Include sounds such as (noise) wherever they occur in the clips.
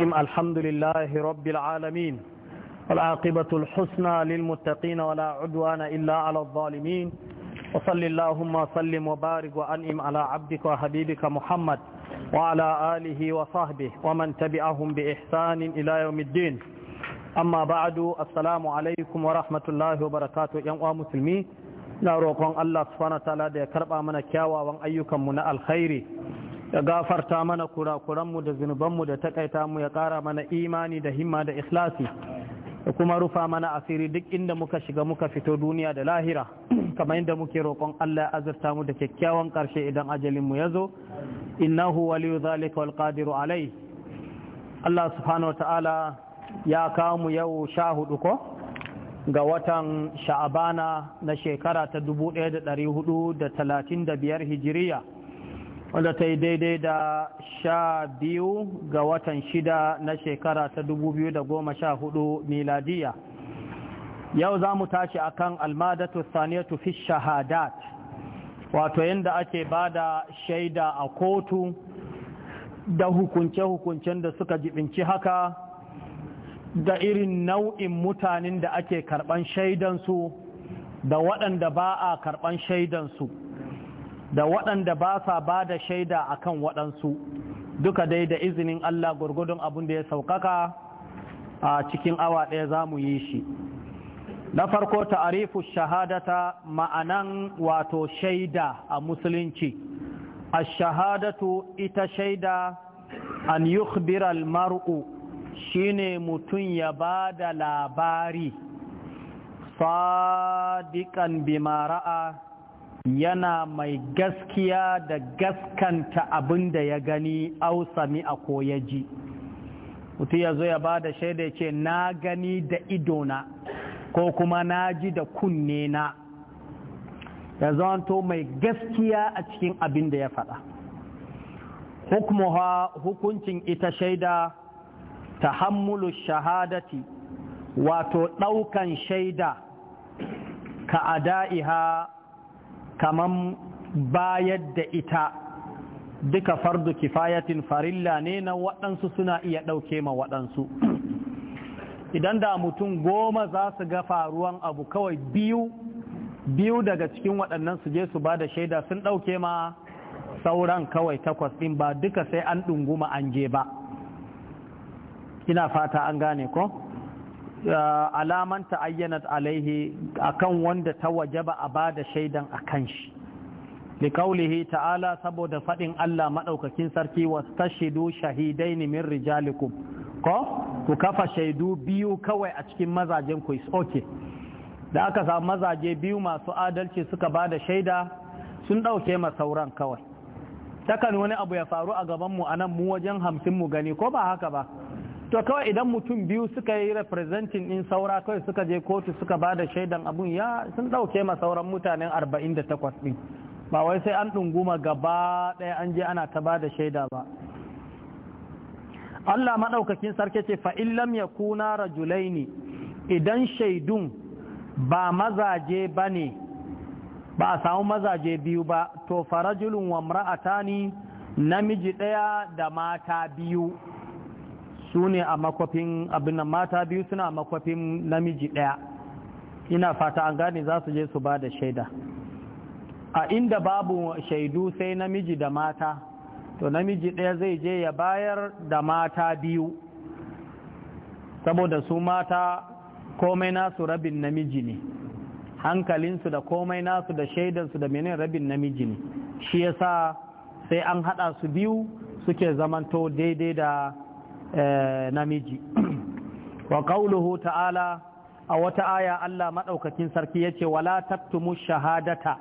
الحمد لله رب العالمين والعاقبة الحسنى للمتقين ولا عدوان إلا على الظالمين وصل اللهم صلِّم وبارك وأنئم على عبدك وحبيبك محمد وعلى آله وصحبه ومن تبعهم بإحسان إلى يوم الدين أما بعد السلام عليكم ورحمة الله وبركاته يا مسلمين na roƙon Allah subhanahu wataala da ya karɓa mana kyawawan ayyukanmu na alkhairi ya gafarta mana kurakuranmu da zunubanmu da takaita mu ya kara mana imani da himma da ikhlasi da kuma rufa mana asiri duk inda muka shiga muka fito duniya da lahira kamar inda muke roƙon Allah ya azurta mu da kyakkyawan ƙarshe idan ajalinmu ya zo innahu waliyu zalika wal qadiru alai Allah subhanahu wataala ya kawo mu yau sha hudu ko ga watan sha'abana na shekara ta da da hudu 1435 hijiriya wanda ta yi daidai da sha biyu ga watan shida na shekara ta dubu biyu da goma sha hudu miladiya yau za mu tashi a akan almadatu saniyatu fi shahadat wato yadda ake ba da shaida a kotu da hukunce-hukuncen da suka jibinci haka da irin nau'in mutanen da ake karban shaidansu da waɗanda ba a karban shaidansu da waɗanda ba sa ba da shaida a kan waɗansu duka dai da izinin Allah gurgudun abin da ya sauƙaƙa a cikin awa ɗaya za mu yi shi na farko ta'arifu shahadata ma'anan wato shaida a musulunci a shahadatu ita shaida an yukhbira mar'u shine mutum ya ba da labari sadiƙan bimara'a yana mai gaskiya da gaskanta abin da ya gani au sami a ko ya ji mutum ya zo ya ba da shaida ya ce na gani da idona ko kuma na ji da kunne na ya zanto mai gaskiya a cikin abin da ya faɗa hukmuha hukuncin ita shaida ta hammulu shahadati wato ɗaukan shaida ka ada'iha kaman bayar da ita duka fardu kifayatin farilla ne na waɗansu suna iya ɗauke ma waɗansu idan da mutum goma za su ga faruwan abu kawai biyu biyu daga cikin waɗannan su je su ba da shaida sun ɗauke ma sauran kawai takwas ɗin ba duka sai an ɗunguma an je ba ina fata an gane ko? alaman ayyanat alaihi akan wanda ta wajaba a bada shaidan akan shi li kaulihi ta'ala saboda faɗin Allah maɗaukakin sarki shahidai shahidaini min rijalikum ko ku kafa shaidu biyu kawai a cikin mazajen ku is da aka samu mazaje biyu masu adalci suka bada shaida sun ɗauke ma sauran kawai takan wani abu ya faru a gaban mu a nan mu wajen hamsin mu gani ko ba haka ba to kawai idan mutum biyu suka yi representing din saura kawai suka je kotu suka ba da shaidan abun ya sun ɗauke ma sauran mutanen 48 ɗin ba wai sai an ɗunguma gaba ɗaya an je ana ta ba da shaida ba Allah maɗaukakin sarki ce fa'in lam ya kuna rajulai ne idan shaidun ba mazaje ba ne ba a samu mazaje biyu ba to farajulun wa ni namiji ɗaya da mata biyu su ne a makwafin abin mata biyu suna a makwafin namiji ɗaya ina fata an gane za su je su ba da shaida a inda babu shaidu sai namiji da mata to namiji ɗaya zai je ya bayar da mata biyu saboda su mata komai nasu rabin namiji ne hankalinsu da komai nasu da shaidansu da menene rabin namiji ne shi yasa sai an haɗa su biyu suke zamanto daidai da Eh, namiji (clears throat) wa kauluhu ta'ala a wata aya Allah madaukakin sarki yace wala taktumu shahadata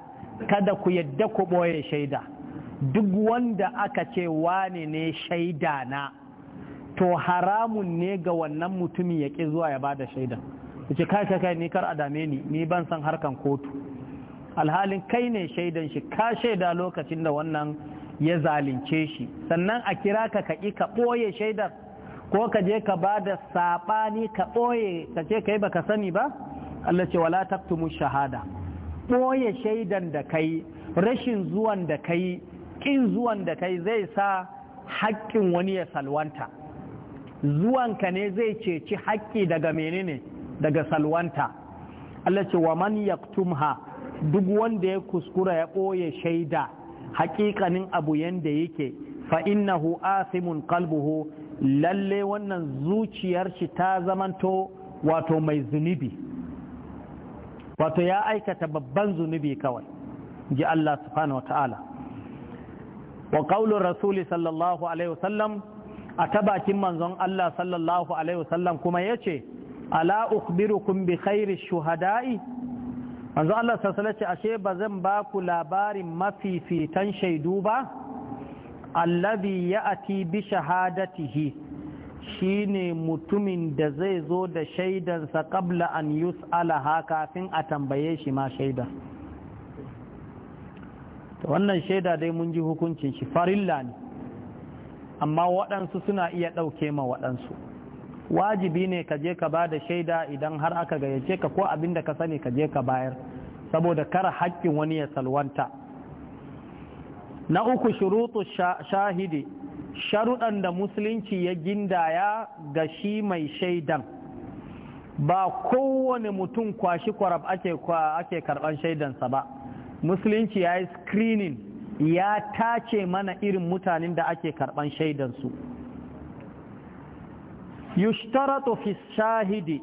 kada ku yadda ku boye shaida duk wanda aka ce wane ne shaida na to haramun ne ga wannan mutumin ya ƙi zuwa ya bada shaida yace kai kai kai ni kar a dame ni ni ban san harkan kotu alhalin kai ne shaidan shi ka shaida lokacin da wannan ya zalunce shi sannan a kira ka ka ƙi ka ɓoye shaidar ko ka je ka ba da saɓani ka ɓoye ka ce kai ka sani ba Allah ce wala taktumu shahada ɓoye shaidan da kai rashin zuwan da kai ƙin zuwan da kai zai sa haƙƙin wani ya salwanta zuwanka ne zai ceci haƙƙi daga menene daga salwanta Allah ce wa man yaktumha duk wanda ya kuskura ya ɓoye shaida haƙiƙanin abu yanda yake fa innahu asimun qalbuhu lalle wannan zuciyar shi ta zamanto wato mai zunubi wato ya aikata babban zunubi kawai ji Allah subhanahu wata'ala wa qaulur rasuli sallallahu alaihi wasallam a tabakin manzon Allah sallallahu alaihi wasallam kuma yace ala ukhbirukum bi khairi shuhada'i manzon Allah sallallahu alaihi ashe ba zan ba ku labarin mafifitan shaidu ba allazi ya'ti bi shahadatihi shine mutumin da zai zo da shaidansa qabla an ha kafin a tambaye shi ma shaida to wannan shaida dai mun ji hukuncin shi farilla ne amma waɗansu suna iya ɗauke ma waɗansu wajibi ne ka je ka ba da shaida idan har aka gayyace ka ko abin da ka sani ka je ka bayar saboda kar haƙƙin wani ya salwanta na uku shurutu shahidi sharuɗan da musulunci ya gindaya ga shi mai shaidan ba kowane mutum kwashi kwarab ake kwa karban shaidansa ba musulunci ya yi screening ya tace mana irin mutanen da ake karban shaidansu yushtaratu fi shahidi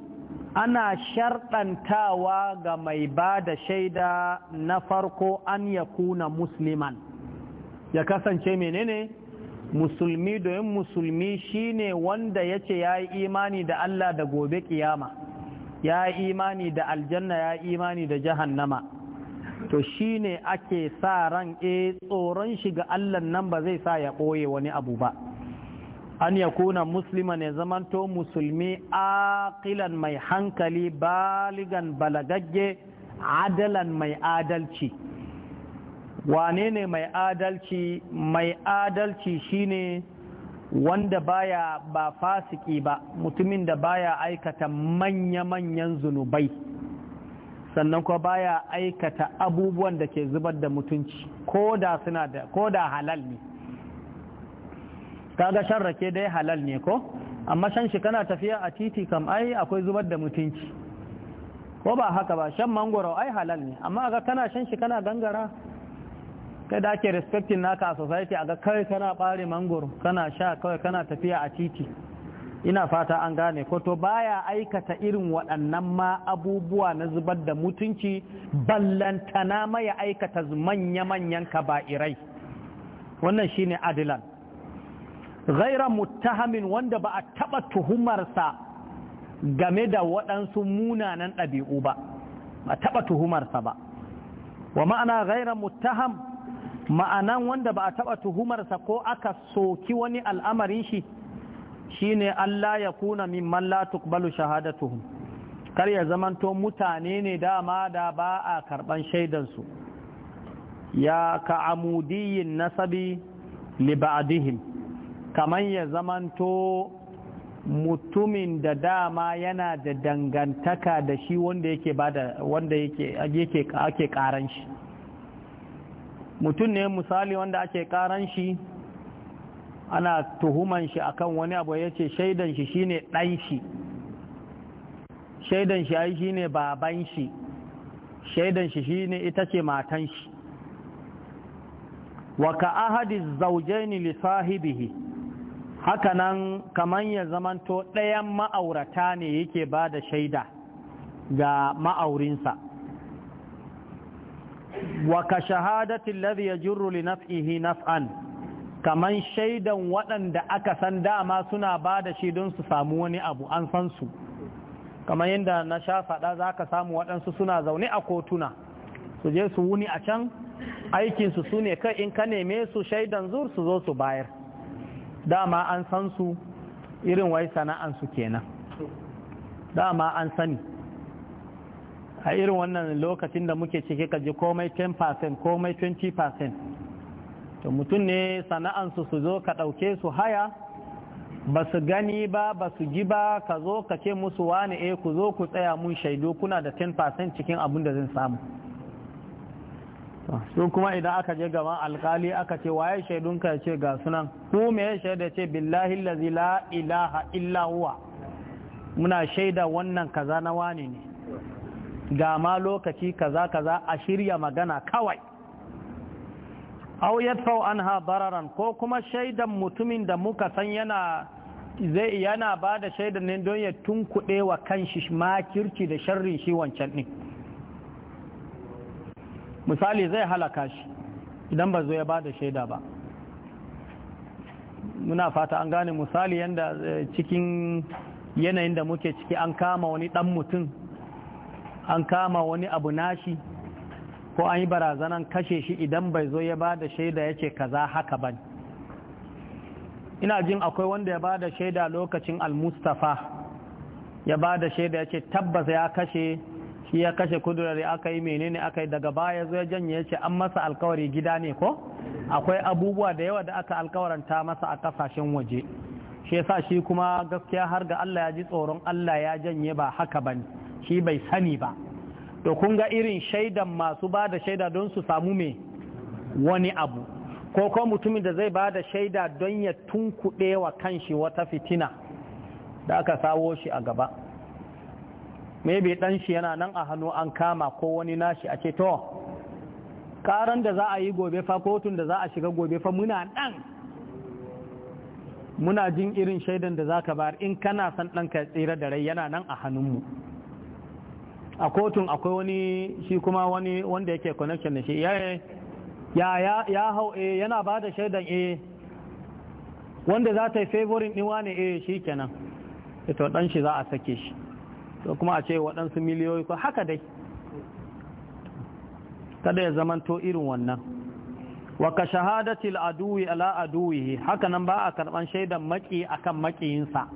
ana sharɗantawa ga mai ba da shaida na farko an ya kuna musliman ya kasance menene musulmi domin musulmi shine wanda ya ce ya yi imani da Allah da gobe kiyama ya yi imani da aljanna ya yi imani da jahannama to shine ake sa ran e tsoron shi ga Allah nan ba zai sa ya ɓoye wani abu ba an ya kuna musulma ne zamanto musulmi aqilan mai hankali baligan balagagge adalan mai adalci wane ne mai adalci mai adalci shine wanda baya ba fasiki ba mutumin da baya aikata manya-manyan zunubai sannan kuma baya aikata abubuwan da ke zubar da mutunci ko da halal ne kaga shan rake dai halal ne ko amma shan shi kana tafiya a titi kam ai akwai zubar da mutunci ko ba haka ba shan mangoro ai halal ne amma ga kana shan shi kana gangara kai da ake respectin naka a society a ga kawai kana bare mangoro kana sha kawai kana tafiya a titi ina fata an gane ko to baya aikata irin waɗannan ma abubuwa na zubar da mutunci ballantana mai aikata manya-manyan kaba'irai wannan shine adilan ghaira muttahamin wanda ba a taɓa tuhumarsa game da waɗansu munanan ɗabi'u ba a taɓa tuhumarsa ba wa ma'ana ghaira muttaham ma'anan wanda ba a taɓa tuhumarsa ko aka soki wani al'amarin shi shi ne Allah ya kuna mimman la balu shahadatuhum kar ya zamanto mutane ne dama da ba a karɓan shaidansu ya ka amudiyin nasabi liba'adihim Kamar ya zamanto mutumin da dama yana da dangantaka da shi wanda yake ake karan shi mutum ne misali wanda ake karan shi ana tuhuman shi akan wani abu ya ce shaidan shi shine ɗan shi shaidan shi ai shine baban shi shaidan shi shine ita ce matan shi wa ka ahadi zaujaini li sahibihi hakanan kaman ya zamanto ɗayan ma'aurata ne yake ba da shaida ga ma'aurinsa wa ka shahadatin ladhi yajurru kaman shaidan waɗanda aka san dama suna ba da shi don su samu wani abu an san su kamar yadda na sha faɗa za ka samu waɗansu suna zaune a kotuna su je su wuni a can aikinsu su ne kai in ka neme su shaidan zur su zo su bayar dama an san su irin wai sana'ansu kenan dama an sani a irin wannan lokacin da muke cike ka ji komai 10% komai 20% to mutum ne sana'ansu su zo ka ɗauke su haya ba su gani ba ba su ji ba ka zo ka ce musu wani e eh, ku zo ku tsaya mun shaidu kuna da 10% cikin abin da zan samu su kuma idan aka je gaban alkali aka ce waye shaidunka ya ce ga sunan ku me shaida ce billahi la ilaha illa huwa muna shaida wannan kaza na wani ne ga ma lokaci kaza kaza a shirya magana kawai auyat yadfau anha bararan ko kuma shaidan mutumin da muka san yana zai yana ba da shaidan ne don ya tunkuɗe wa kanshi makirci da sharrin shi wancan ɗin misali zai halaka shi idan ba zo ya ba da shaida ba muna fata an gane misali yanda eh, cikin yanayin da muke ciki an kama wani dan mutum an kama wani abu nashi ko an yi barazanan kashe shi idan bai zo ya ba da shaida ya ce kaza haka ba ina jin akwai wanda ya ba da shaida lokacin al-mustafa ya ba da shaida ya ce tabbas ya kashe shi ya kashe kudurari aka yi menene aka yi daga baya zo ya janye ya ce an masa alkawari gida ne ko akwai abubuwa da yawa da aka alkawaranta masa a kasashen waje shi yasa shi kuma gaskiya har ga Allah ya ji tsoron Allah ya janye ba haka bane shi bai sani ba to kun ga irin shaidan masu ba da shaida don su samu me wani abu ko kuma mutumin da zai ba da shaida don ya tunkuɗe wa kanshi wata fitina da aka sawo shi a gaba bai ɗan shi yana nan a hannu an kama ko wani nashi a ce to karan da za a yi gobe fa kotun da za a shiga gobe fa muna ɗan? muna jin irin shaidan da za ka bayar in kana san ɗanka tsira da rai yana nan a hannunmu a kotun akwai wani shi kuma wani wanda yake connection da shi ya ya ya hau eh yana ba da shaidan eh wanda za ta yi favorin ɗin wane eh shi kenan ita eh, ɗan shi za a sake shi to kuma a ce waɗansu miliyoyi ko haka dai kada ya to irin wannan wa ka shahadatil aduwi ala aduwihi haka nan ba a karɓan shaidan maki akan makiyinsa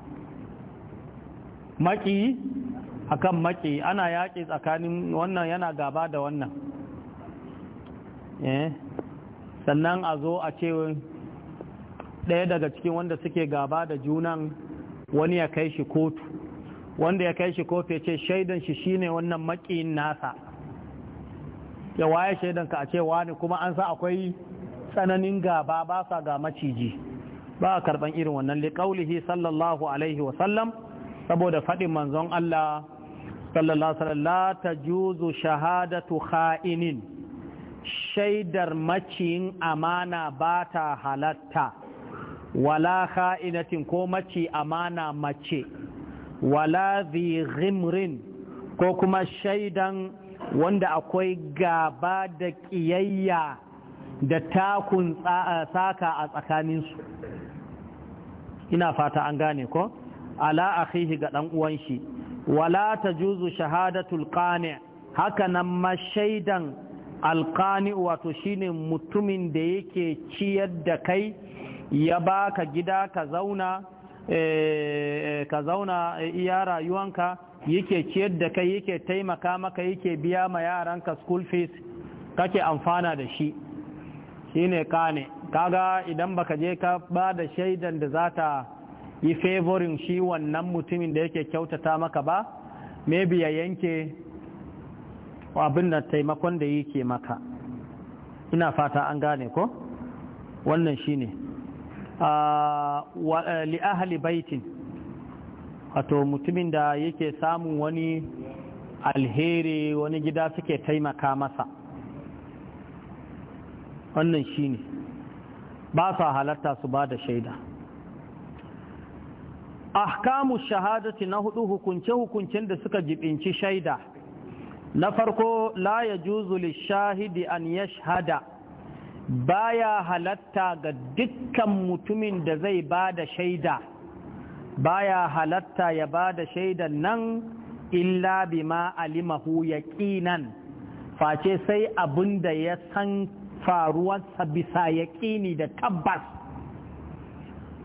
maki akan maki ana yaƙi tsakanin wannan yana gaba da wannan eh, sannan a zo a ce ɗaya daga cikin wanda suke gaba da junan wani ya kai shi kotu wanda ya kai shi kotu ya ce shaidan shi shine wannan makiyin nasa ya waye shaidan ka a ce wani kuma an sa akwai tsananin gaba ba sa ga maciji ba a karɓan irin wannan liƙaulihi sallallahu alaihi wasallam saboda faɗin manzon Allah sallallahu alaihi la ta juzu shahadatu kha'inin shaidar maciyin amana ba ta halatta wala kha'inatin ko maci amana mace wala zi ghimrin ko kuma shaidan wanda akwai gaba da ƙiyayya da takun saka a tsakaninsu ina fata an gane ko ala akhihi ga ɗan uwan shi wala ta juzu shahadatul qani haka nan mashaidan alqani wato shine mutumin da yake ciyar da kai ya baka gida ka zauna ka zauna iya rayuwanka yake ciyar da kai yake taimaka maka yake biya ma yaranka school fees kake amfana da shi shine kane kaga idan baka je ka ba da shaidan da zata yi favorin shi wannan mutumin da yake kyautata maka ba maybe ya yanke abin da taimakon da yake maka ina fata an gane ko wannan shi ne. Eh, ahli baitin wato mutumin da yake samun wani alheri wani gida suke taimaka masa wannan shi ne ba su halatta su ba da shaida ahkamu shahadati na hudu hukunce-hukuncen da suka jibinci shaida na farko la ya juzuli shahidi an ya shahada baya halatta ga dukkan mutumin da zai bada shaida baya halatta ya ba da shaidan nan illa bima alimahu yaqinan face sai abin da ya san faruwarsa bisa yaƙini da tabbas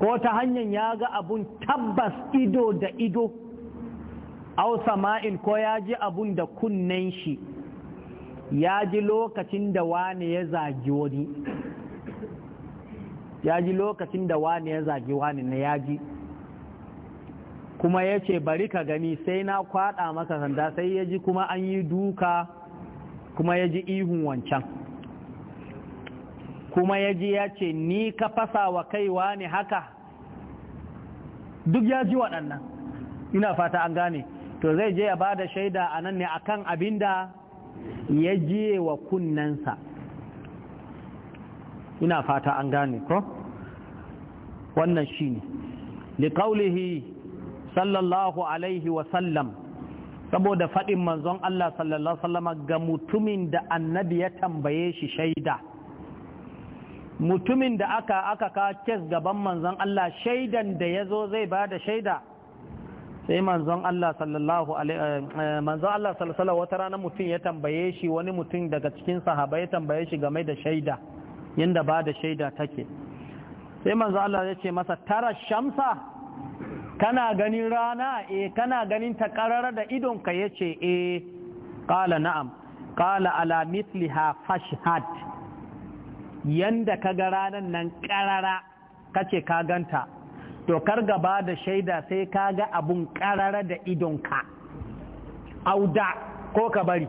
ko ta hanyar ya ga abun tabbas ido da ido au sama'in ko ya ji abun da kunnen shi ya ji lokacin da wani ya zagi wani ya ji lokacin da wani ya zagi wani na ya ji kuma ya ce bari ka gani sai na kwada maka sanda sai ya ji kuma an yi duka kuma ya ji ihun wancan kuma ya ji ya ce ni ka fasa wa kaiwa ne haka duk ya ji waɗannan ina fata an gane to zai je ya ba da shaida a nan ne a kan abin da ya jiye wa kunnensa ina fata an gane ko wannan shi ne liƙaulihi sallallahu alaihi wasallam saboda faɗin manzon Allah sallallahu alaihi wasallama ga mutumin da annabi ya tambaye shi shaida mutumin da aka aka ka kes gaban manzon Allah shaidan da ya zo zai ba da shaida sai manzon Allah sallallahu alaihi eh, eh, manzon Allah sallallahu wata rana mutum ya tambaye shi wani mutum daga cikin sahaba ya tambaye shi game da shaida yanda ba da shaida take sai manzon Allah ya ce masa tara shamsa kana ganin rana eh kana ganin ta karara da idonka yace eh qala na'am qala ala mithliha fashhad yanda ka ga ranar nan ƙarara ka ce ka ganta to kar gaba da shaida sai ka ga abun ƙarara da idonka auda ko ka bari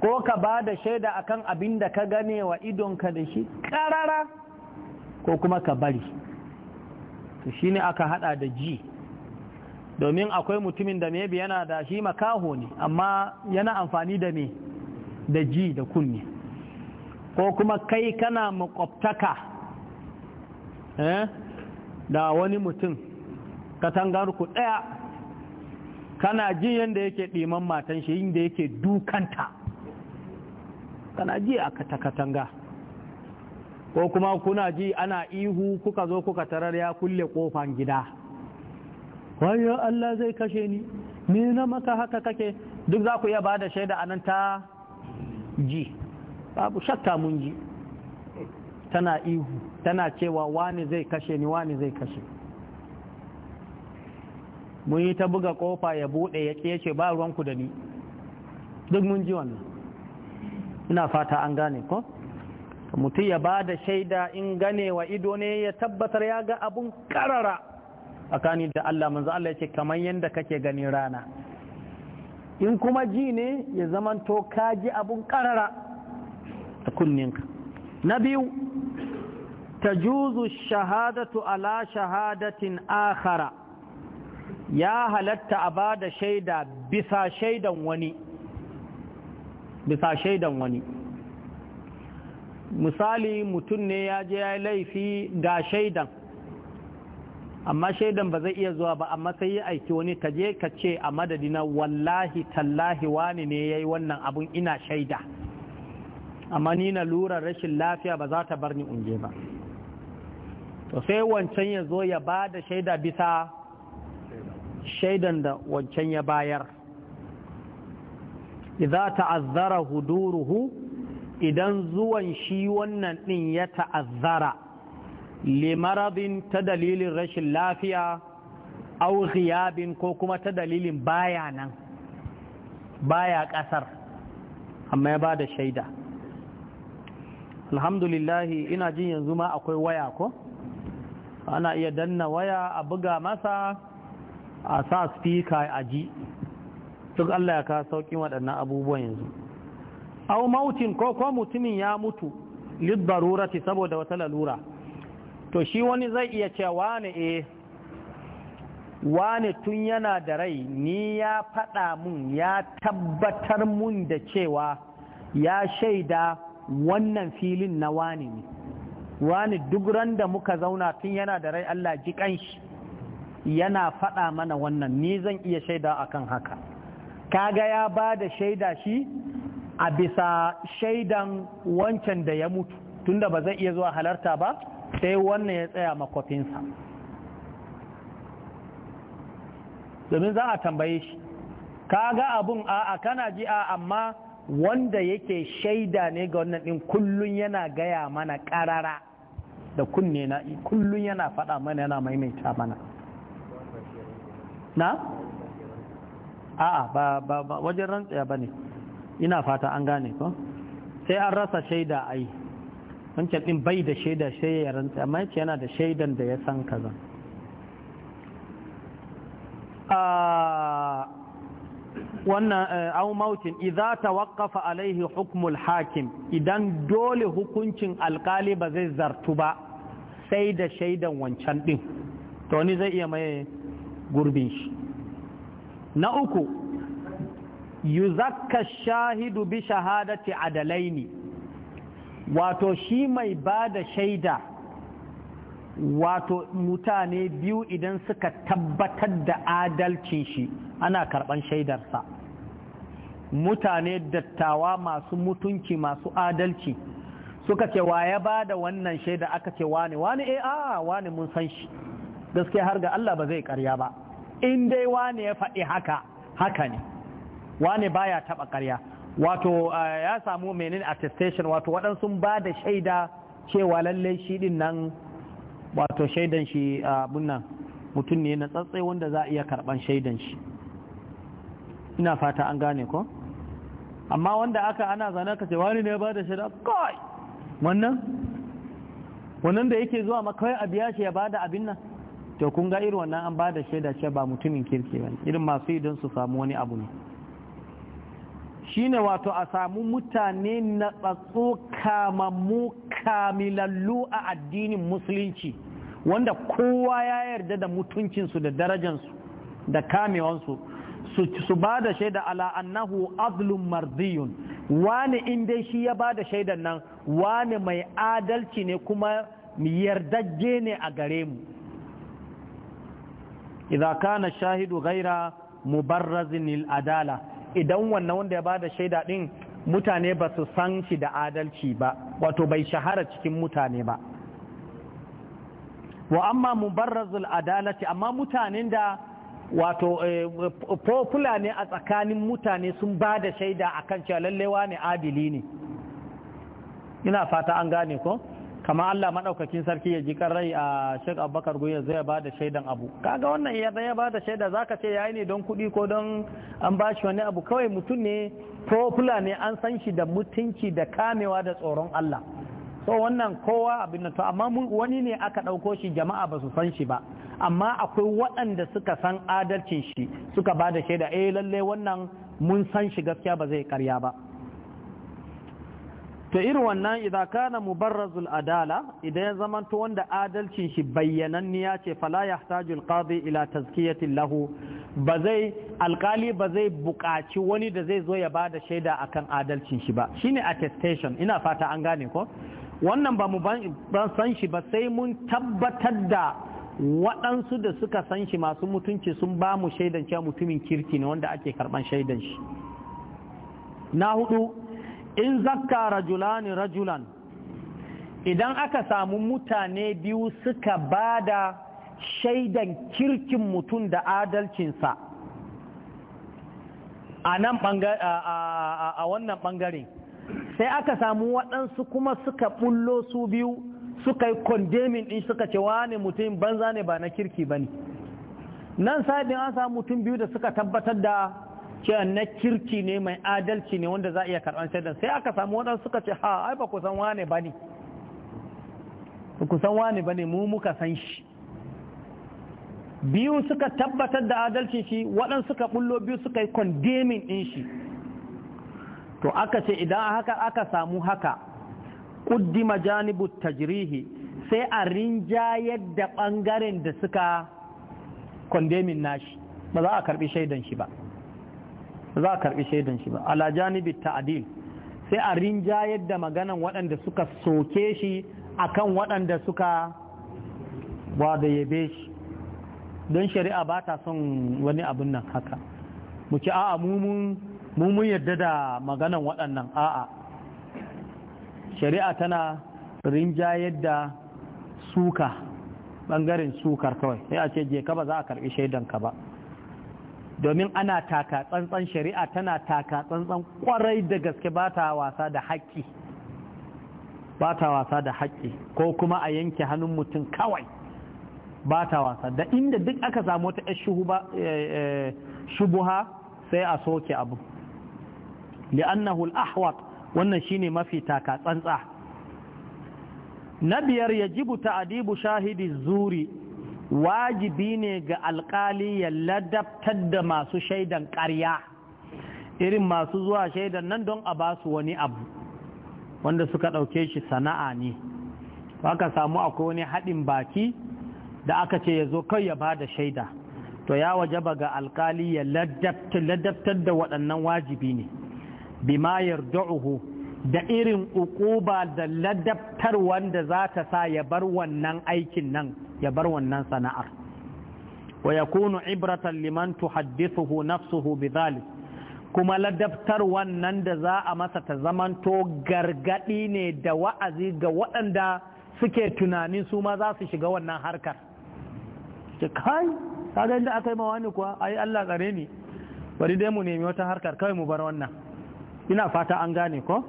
ko ka ba da shaida akan abin da ka gane wa idonka da shi ƙarara ko kuma ka bari to shine aka hada da ji domin akwai mutumin da mebi yana da shi makaho ne amma yana amfani da me da ji da kunne ko kuma kai kana makwabtaka eh, da wani mutum katangar ku ɗaya kana ji yadda yake ɗiman matan shi yadda yake dukanta kana ji a katakatanga ko kuma kuna ji ana ihu kuka zo kuka tarar ya kulle kofan gida wayo Allah zai kashe ni ni na maka haka kake duk za ku iya ba da shaida anan ta ji babu shakka mun ji tana ihu tana cewa wani zai kashe ni wani zai kashe mun yi ta buga kofa ya bude ya ce ba ruwanku da ni duk mun ji wannan ina fata an gane ko mutum ya ba da shaida in gane wa ido ne ya tabbatar ya ga abun karara tsakanin da Allah manzo Allah ya ce kamar yadda kake ganin rana in kuma ji ne ya zamanto ka ji abun karara a kunninka na biyu ta juzu shahadatu ala shahadatin akhara ya halatta a ba da shaida bisa shaidan wani bisa shaidan wani misali mutum ne ya je ya laifi ga shaidan amma shaidan ba zai iya zuwa ba amma sai ya aiki wani ka je ka ce a madadina wallahi tallahi wani ne ya yi wannan abun ina shaida amma ni na lura rashin lafiya ba za ta bar ni unge ba to sai wancan ya zo ya ba da shaida bisa shaidan da wancan ya bayar idza ta'azzara huduruhu idan zuwan shi wannan din ya ta'azzara maradin ta dalilin rashin lafiya aw ghiyabin ko kuma ta dalilin baya nan baya kasar amma ya ba da shaida alhamdulillahi ina jin yanzu ma akwai waya ko ana iya danna waya a buga masa a sa spika a ji duk Allah ya ka sauƙin waɗannan abubuwan yanzu au mautin ko ko mutumin ya mutu darurati saboda wata lalura to shi wani zai iya cewa ne eh wane tun yana da rai ni ya faɗa mun ya tabbatar mun da cewa ya shaida wannan filin na wani ne wani duk ran da muka zauna tun yana da rai Allah ji kanshi yana faɗa mana wannan ni zan iya shaida akan haka kaga ya ba da shaida shi a bisa shaidan wancan da ya mutu tunda ba zai iya zuwa halarta ba sai wannan ya tsaya makwafinsa domin za a tambaye shi kaga abun a'a kana ji a amma wanda yake shaida ne ga wannan ɗin kullum yana gaya mana ƙarara da kunne na kullum yana faɗa mana yana maimaita mana na? a'a ba ba ba wajen rantsaya ba ne ina fata an gane ko sai an rasa shaida ai wancan ɗin bai da shaida sai ya rantsaya amma yace yana da shaidan da ya san kaza ah, wannan eh, au mautin idza tawaqqafa alaihi hukmul hakim idan dole hukuncin alkali ba zai zartu ba sai da shaidan wancan din to ni zai iya mai gurbin shi na uku yuzakka shahidu bi shahadati adalaini wato shi mai bada shaida wato mutane biyu idan suka tabbatar da adalcin shi ana karban shaidarsa mutane dattawa masu mutunci masu adalci suka ce wa ya ba da wannan shaida aka ce wane e a wani mun san shi gaske har ga Allah ba zai karya ba in dai wani ya faɗi haka haka ne ba baya taɓa karya wato eh, ya samu menene attestation wato waɗansu ba da shaida cewa lallai shi din nan wato shaidan shi a nan mutum ne na tsatse wanda za a iya karban shaidan shi ina fata an gane ko amma wanda aka ana zana ka ce wani ne ba da shaida kai wannan wannan da yake zuwa makawai a biya shi ya bada abin nan to kun ga irin wannan an bada shaida ce ba mutumin kirki ba irin masu idan su samu wani abu ne shine wato a samu mutane na tsatso kamammu kamilallu a addinin musulunci wanda kowa ya yarda da mutuncinsu da darajansu da kamewansu su ba da shaida ala annahu azlum mardiyun wani in dai shi ya ba da shaidan nan wani mai adalci ne kuma yardajje ne a gare mu idza kana shahidu ghaira mubarrazin adala idan wannan wanda ya bada shaida din mutane ba su san shi da adalci ba wato bai shahara cikin mutane ba wa amma mubarrazul adalati amma mutanen da wato eh, popular ne a tsakanin mutane sun bada shaida akan cewa lallewa ne adili ne ina fata an gane ko kama Allah maɗaukakin sarki ya ji rai a Sheikh Abubakar Guya zai ba da shaidan abu kaga wannan ya ya ba da shaida zaka ce yayi ne don kuɗi ko don an ba shi wani abu kawai mutum ne popular ne an san shi da mutunci da kamewa da tsoron Allah so wannan kowa abin to amma wani ne aka ɗauko shi jama'a ba su san shi ba amma akwai waɗanda suka san adalcin shi suka ba da shaida eh lalle wannan mun san shi gaskiya ba zai karya ba to irin wannan idza kana mubarrazul adala idan ya zamanto wanda adalcin shi bayyananniya ce fala yahtajul qadi ila tazkiyatin lahu ba zai alkali ba zai buƙaci wani da zai zo ya bada shaida a kan adalcin shi ba shine attestation ina fata an gane ko wannan ba mu ban san shi ba sai mun tabbatar da waɗansu da suka san shi masu mutunci sun ba mu shaidan cewa mutumin kirki ne wanda ake karɓar shaidan shi na hudu in zakka rajulani rajulan idan aka samu mutane biyu suka bada shaidan kirkin mutum da adalcinsa a nan a wannan bangare sai aka samu waɗansu kuma suka bullo su biyu suka yi kondemin ɗin suka ce wani mutum banza ne ba na kirki ba ne nan sabin an samu mutum biyu da suka tabbatar da cewa na kirki ne mai adalci ne wanda za a iya karɓar shaidan sai aka samu waɗansu suka ce ha ai ba ku san wane ba ne ku san wane ba ne mu muka san shi biyu suka tabbatar da adalci shi waɗansu suka ɓullo biyu suka yi kondemin ɗin shi to aka ce idan haka aka samu haka ƙuddima janibu tajrihi sai a rinjayar da ɓangaren da suka kondemin nashi ba za a karɓi shaidan shi ba za a karbi shaidan shi ba ala janibi ta'dil sai a rinjayar da maganan waɗanda suka soke shi akan waɗanda suka da yabe shi don shari'a ba ta son wani abin nan haka mu ci a'a mu mun yadda da maganan waɗannan a'a shari'a tana rinjayar da suka ɓangaren sukar kawai sai a ce je ka ba za a karɓi ka ba domin ana taka tsantsan shari'a tana taka tsantsan kwarai da gaske ba ta wasa da haƙƙi ba ta wasa da haƙƙi ko kuma a yanke hannun mutum kawai ba ta wasa da inda duk aka samu wata eh, eh, shubuha sai a soke abu li'annahu al-ahwat wannan shine mafi taka tsantsa na biyar yajibu ta'adibu shahidi zuri wajibi ne ga alkali ya ladabtar da masu shaidan ƙarya irin masu zuwa shaidan nan don a basu wani abu wanda suka ɗauke shi sana'a ne aka samu akwai wani haɗin baki da aka ce ya zo kai ya ba da shaida to ya waje ba ga alkali ya ladabtar da waɗannan wajibi ne bima yardu'uhu da irin ukuba da ladabtar wanda za ta sa ya bar wannan aikin nan ya bar wannan sana'ar wa yakunu ibratan liman tuhaddithuhu nafsuhu bidhalik kuma ladabtar wannan da za a masa ta zamanto gargadi ne da wa'azi ga waɗanda suke tunanin su ma za su shiga wannan harkar ce kai kaga inda aka yi ma wani kuwa ai Allah tsare ni bari dai mu nemi wata harkar kawai mu bar wannan ina fata an gane ko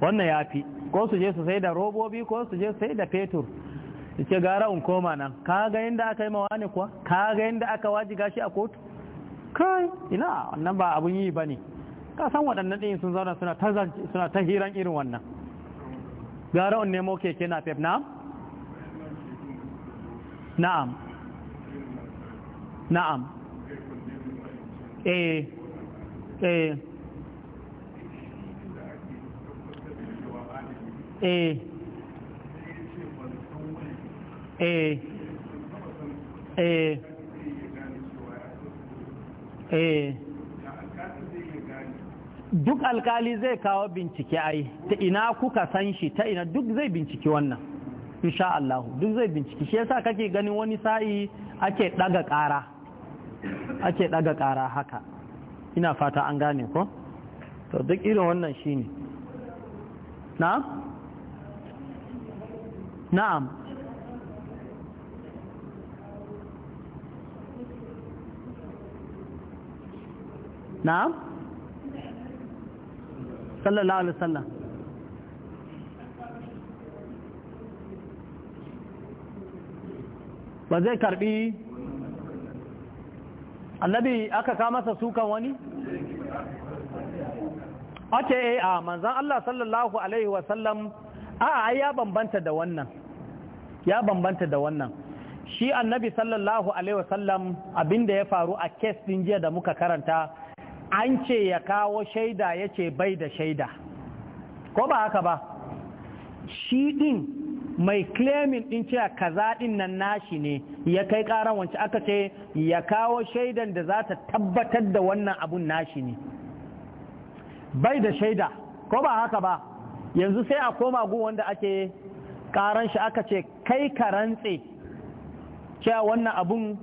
wannan yafi ko su je su sai da robobi ko su je su sai da fetur ce, gara in koma nan ka ga yanda aka yi mawa ne kuwa ka ga yanda aka waji gashi a kotu kai ina wannan ba abun yi bane ka san waɗannan ɗin sun zauna suna ta suna ta hiran irin wannan gara in nemo keke na fef na'am na'am na'am eh eh eh eh eh eh duk alkali zai kawo bincike ai ta ina kuka san shi ta ina duk zai binciki wannan insha Allah duk zai binciki shi yasa kake ganin wani sa'i ake daga kara ake daga kara haka ina fata an gane ko to duk irin wannan shine na na'am na'am sallallahu alaihi wasallam ba zai karbi annabi aka ka masa sukan wani ake eh, a ah, manzan Allah sallallahu alaihi wasallam a'a ah, ya bambanta da wannan ya bambanta da wannan shi annabi sallallahu alaihi wasallam abinda ya faru a kes din jiya da muka karanta an ce ya kawo shaida ya ce bai da shaida ko ba haka ba shi din mai claiming din cewa kaza din nan nashi ne ya kai karan wance aka ce ya kawo shaidan da za ta tabbatar da wannan abun nashi ne bai da shaida ko ba haka ba yanzu sai a koma gu wanda ake karan shi aka ce kai ka rantse cewa wannan abun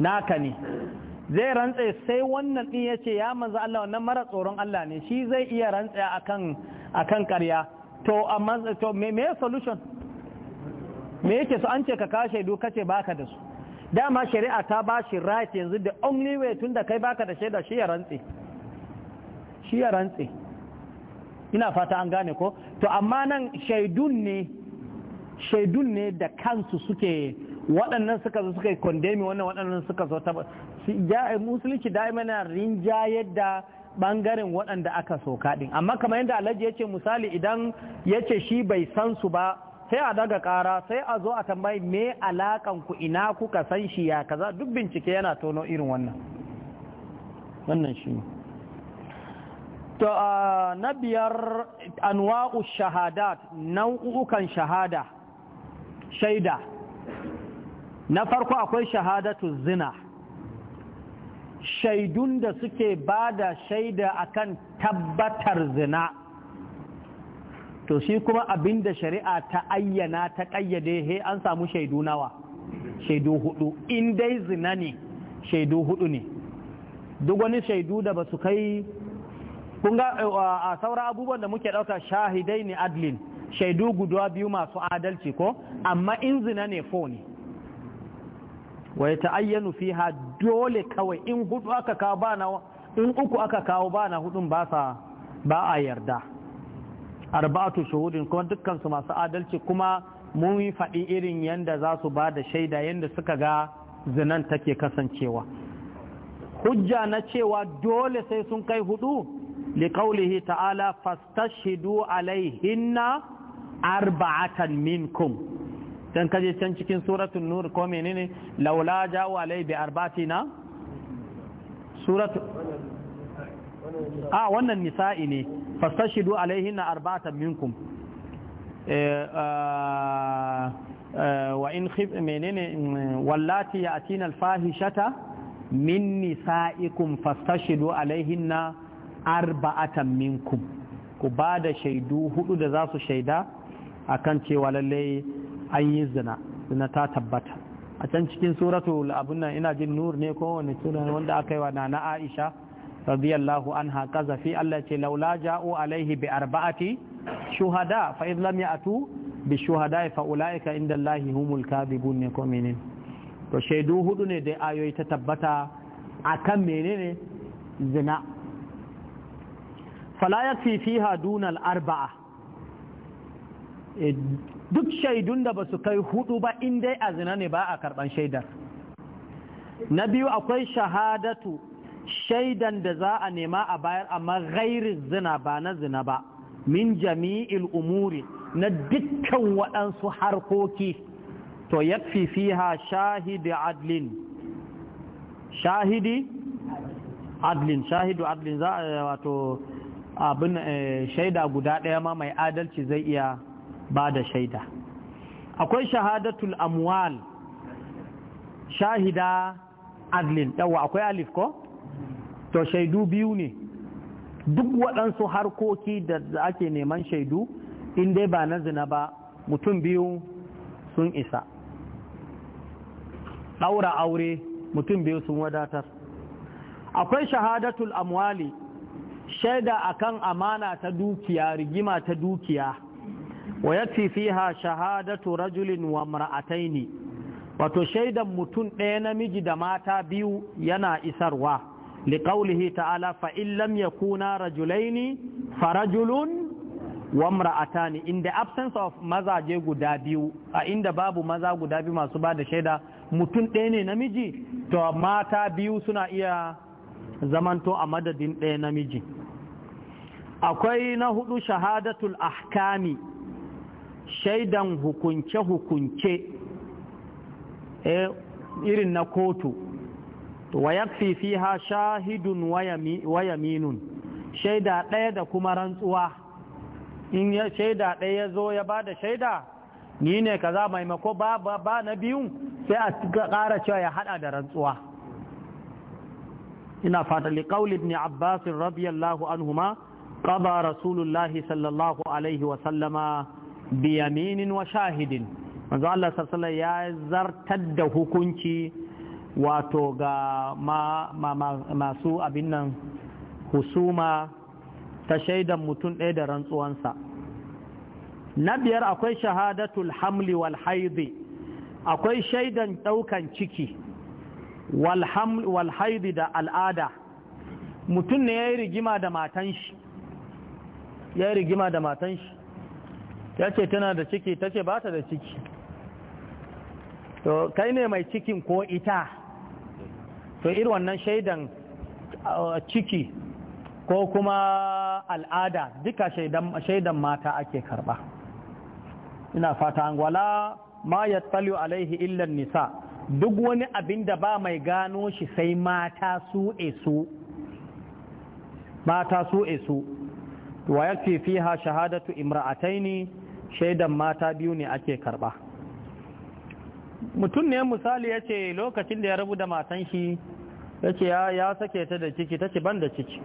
naka ne zai rantse sai wannan din ya ce ya manzo Allah wannan mara tsoron Allah ne shi zai iya rantse akan akan ƙarya to amma to me me solution me yake so an ce ka kashe du kace baka da su dama shari'a ta ba shi right yanzu the only way tunda kai baka da shaida shi ya rantse shi ya rantse ina fata an gane ko to amma nan shaidun ne shaidun ne da kansu suke waɗannan suka zo suka yi kondemi wannan waɗannan suka zo musulunci da'ima na rinja da bangaren waɗanda aka soka ɗin amma kamar yadda alhaji ya ce misali idan ya ce shi bai san su ba sai a daga ƙara sai a zo a tambayi me alaƙan ku ina kuka san shi ya kaza duk bincike yana tono irin wannan wannan shi ne to na biyar anwa'u shahada nau'ukan shahada shaida na farko akwai shahadatu zina shaidun da suke ba da shaida a kan tabbatar zina to shi kuma abin da shari'a ta ayyana ta ƙayyade he an samu shaidu nawa shaidu hudu in zina ne shaidu hudu ne duk wani shaidu da ba su kai kunga eh, a saura abubuwan da muke ɗauka shahidai ne adlin shaidu guduwa biyu masu adalci ko amma in zina ne fo ne wa ya ta'ayyanu ha dole kawai in hudu aka kawo ba na in uku aka kawo ba na hudun ba sa ba a yarda arba'atu shuhudin kuma dukkan su masu adalci kuma mun yi faɗi irin yanda za su ba da shaida yanda suka ga zinan take kasancewa hujja na cewa dole sai sun kai hudu liƙaulihi ta'ala fastashidu alaihinna arba'atan minkum can kaje can cikin suratul nur ko menene laula ja'u alai bi arbatina suratul a ah, wannan nisa'i ne fastashidu alaihinna arbatan minkum eh, ah, eh, wa in khif menene wallati ya'tina alfahishata min nisa'ikum fastashidu alaihinna arba'atan minkum ku ba da shaidu hudu da za su shaida akan cewa lallai an yi zina zina ta tabbata a can cikin suratu abun nan ina jin nur ne ko wani wanda aka yi wa nana Aisha radiyallahu anha kazafi Allah ce laula ja'u alaihi bi arba'ati shuhada fa idh lam ya'tu bi shuhada fa ulaika inda Allah humul kadhibun ne ko menene to shaidu hudu ne da ayoyi ta tabbata akan menene zina fala yakfi fiha dunal arba'a Eh, duk shaidun da ba su kai hudu ba in dai a zina ne ba a karban shaidar na biyu akwai shahadatu shaidan da za a nema a bayar amma gairi zina ba na zina ba min jami'il umuri na dukkan waɗansu harkoki to ya fifi ha shahidi adlin shahidi adlin shahidu adlin za a eh, wato abin eh, shaida guda ɗaya ma mai adalci zai iya ba da shaida akwai shahadatul amwal shahida adlin yawa akwai alif ko to shaidu biyu ne duk waɗansu harkoki da ake neman shaidu in dai ba na zina ba mutum biyu sun isa ɗaura aure mutum biyu sun wadatar akwai shahadatul amwali shaida akan amana ta dukiya rigima ta dukiya wa yakfi fiha shahadatu rajulin wa ne wato shaidan mutum ɗaya namiji da mata biyu yana isarwa liƙaulihi ta'ala fa lam yakuna rajulaini farajulun wamraata mar'atani in the absence of mazaje guda biyu a inda babu maza guda biyu masu ba da shaida mutum ɗaya ne namiji to mata biyu suna iya zamanto a madadin ɗaya namiji akwai na hudu shahadatul ahkami shaidan hukunce-hukunce eh, irin na kotu wa fifi ha shahidun wayaminu, shaida ɗaya da kuma rantsuwa in ya shaida ɗaya ya zo ya ba da shaida ni ne ka za maimako ba ba na biyun sai a ƙara cewa ya haɗa da rantsuwa ina fata liƙaul ibn abbas Anhu ma. Ƙaba rasulullahi sallallahu alaihi Wasallama. biyaminin wa shahidin manzo Allah sallallahu ya zartar da hukunci wato ga masu abin nan husuma ta shaidan mutum ɗaya da rantsuwansa na biyar akwai shahadatul hamli wal haidi akwai shaidan ɗaukan ciki wal haidi da al'ada mutum ne ya yi rigima da matanshi. ya ce tana da ciki ta ce ba ta da ciki to kai ne mai cikin ko ita to irin wannan shaidan ciki ko kuma al'ada duka shaidan mata ake karba ina fata an wala ma ya tsali alaihi illan nisa duk wani abin da ba mai gano shi sai mata su esu mata su esu wa yake fiha shahadatu imra'ataini shaidan mata biyu ne ake karba mutum ne misali ya ce lokacin da ya rabu da matan shi ya ce ya sake ta da ciki ta ce ban da ciki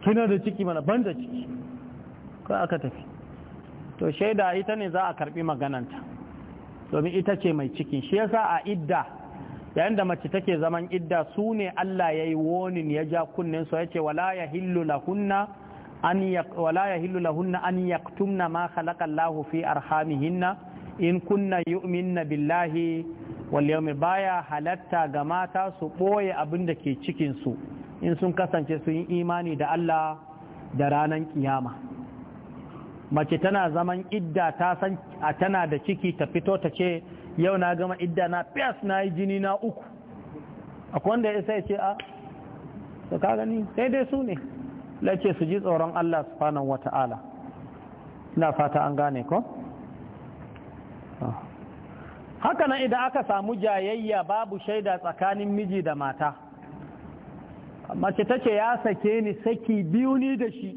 kina da ciki mana ban da ciki kai aka tafi to shaida ita ne za a karbi magananta domin ita ce mai ciki shi yasa a idda yayin da mace take zaman idda su ne Allah ya yi wonin ya ja kunnen su ya ce wala ya hillu lahunna an wala yahillu lahunna an yaktumna ma khalaqa Allahu fi arhamihinna in kunna yu'minna billahi wal yawmil baya halatta ga mata su ɓoye abin da ke cikin su in sun kasance sun yi imani da Allah da ranan ƙiyama mace tana zaman idda ta san tana da ciki ta fito ta ce yau na gama idda na fiyas na yi jini na uku akwai wanda lace su ji tsoron Allah subhanahu wa ta'ala ina fata an gane ko haka nan idan aka samu jayayya babu shaida tsakanin miji da mata mace ta ce ya sake ni saki biyu ni da shi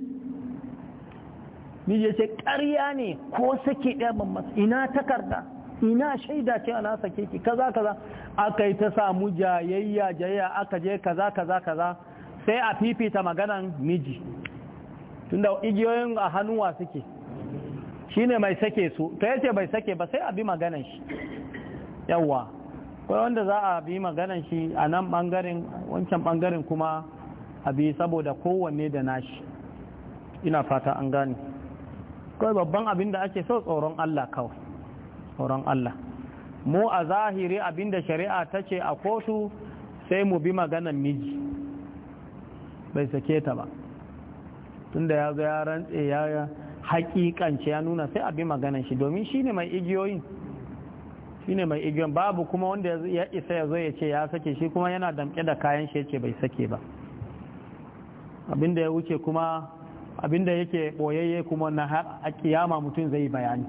miji ce ƙarya ne ko saki ɗaya ban ina takarda ina shaida ce ana sake ki kaza kaza aka yi ta samu jayayya jayayya aka je kaza kaza kaza sai a fifita maganan miji tunda igiyoyin a hannuwa suke shine mai sake su to yace bai sake ba sai a bi maganan shi yawa kai wanda za a bi maganan shi a nan bangaren wancan bangaren kuma a bi saboda kowanne da nashi ina fata an gane kai babban abin da ake so tsoron Allah kawai tsoron Allah mu a zahiri abin da shari'a ta ce a kotu sai mu bi maganan miji bai sake ta ba tunda ya zo ya rantse ya hakikance ya nuna sai abi maganan shi domin shine mai igiyoyin shine mai igiyoyin babu kuma wanda ya isa ya zo ya ce ya sake shi kuma yana damke da kayan shi ya ce bai sake ba abinda ya wuce kuma abinda yake boyayye kuma na har a kiyama mutum zai bayani